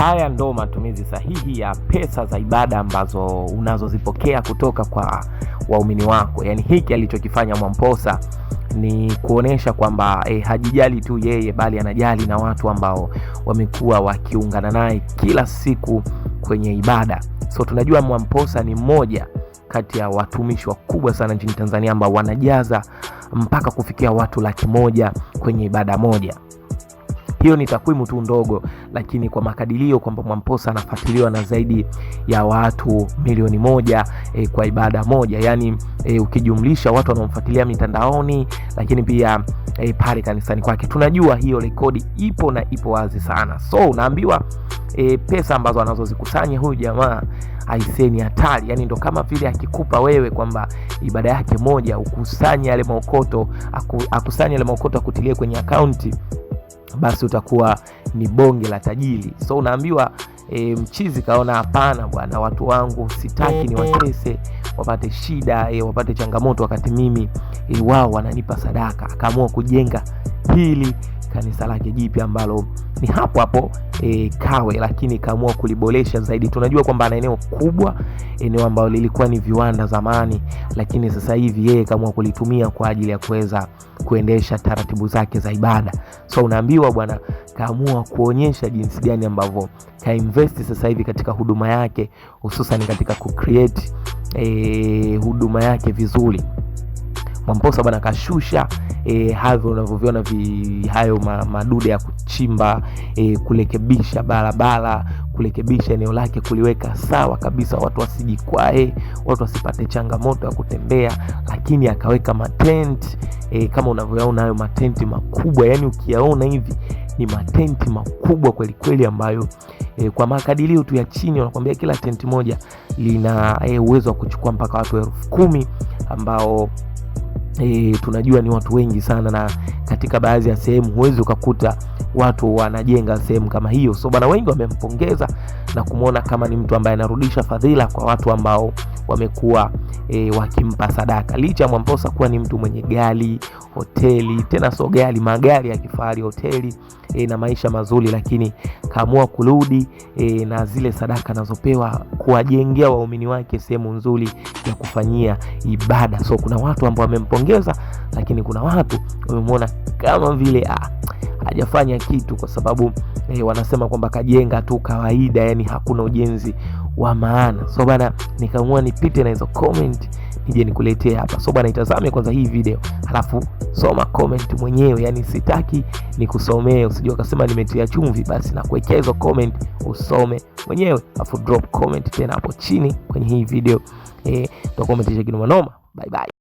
Haya ndo matumizi sahihi ya pesa za ibada ambazo unazozipokea kutoka kwa waumini wako. Yaani hiki alichokifanya Mwamposa ni kuonesha kwamba eh, hajijali tu yeye bali anajali na watu ambao wamekuwa wakiungana naye kila siku kwenye ibada. So tunajua Mwamposa ni mmoja kati ya watumishi wakubwa sana nchini Tanzania ambao wanajaza mpaka kufikia watu laki moja kwenye ibada moja. Hiyo ni takwimu tu ndogo, lakini kwa makadirio kwamba Mwamposa anafuatiliwa na zaidi ya watu milioni moja e, kwa ibada moja, yaani e, ukijumlisha watu wanaomfuatilia mitandaoni, lakini pia e, pale kanisani kwake. Tunajua hiyo rekodi ipo na ipo wazi sana, so unaambiwa e, pesa ambazo anazozikusanya huyu jamaa aiseni hatari. Yani ndo kama vile akikupa wewe kwamba ibada yake moja ukusanye yale maokoto aku, akusanye yale maokoto akutilie kwenye akaunti basi utakuwa ni bonge la tajiri. So unaambiwa e, mchizi kaona hapana, bwana, watu wangu sitaki ni watese wapate shida e, wapate changamoto wakati mimi e, wao wananipa sadaka. Akaamua kujenga hili kanisa lake jipya ambalo ni hapo hapo e, Kawe, lakini kaamua kuliboresha zaidi. Tunajua kwamba ana eneo kubwa, eneo ambalo lilikuwa ni viwanda zamani, lakini sasa hivi yeye kaamua kulitumia kwa ajili ya kuweza kuendesha taratibu zake za ibada. So unaambiwa bwana, kaamua kuonyesha jinsi gani ambavyo kainvesti sasa hivi katika huduma yake, hususan katika kucreate e, huduma yake vizuri. Mwamposa bwana kashusha e, havyo unavyoviona hayo madude ya kuchimba e, kurekebisha barabara kurekebisha eneo lake kuliweka sawa kabisa, watu wasijikwae, watu wasipate changamoto ya kutembea, lakini akaweka matent e, kama unavyoyaona hayo matenti makubwa, yani ukiyaona hivi ni matenti makubwa kweli kweli, ambayo e, kwa makadirio tu ya chini wanakuambia kila tenti moja lina e, uwezo wa kuchukua mpaka watu elfu kumi ambao e, tunajua ni watu wengi sana, na katika baadhi ya sehemu huwezi ukakuta watu wanajenga sehemu kama hiyo. So bwana, wengi wamempongeza na kumwona kama ni mtu ambaye anarudisha fadhila kwa watu ambao wamekuwa e, wakimpa sadaka, licha ya Mwamposa kuwa ni mtu mwenye gari, hoteli, tena so gari, magari ya kifahari, hoteli e, na maisha mazuri, lakini kaamua kurudi e, na zile sadaka anazopewa kuwajengea waumini wake sehemu nzuri ya kufanyia ibada. So kuna watu ambao wamempongeza, lakini kuna watu wamemwona kama vile ah, hajafanya kitu, kwa sababu e, wanasema kwamba kajenga tu kawaida, yani hakuna ujenzi wa maana. So bana, nikaamua nipite na hizo comment nije nikuletee hapa. So bana, itazame kwanza hii video halafu soma comment mwenyewe, yani sitaki nikusomee, usijua kasema nimetia chumvi. Basi na kuwekea hizo comment usome mwenyewe, afu drop comment tena hapo chini kwenye hii video eh, tutakuwa umetisha kinoma noma. Bye bye.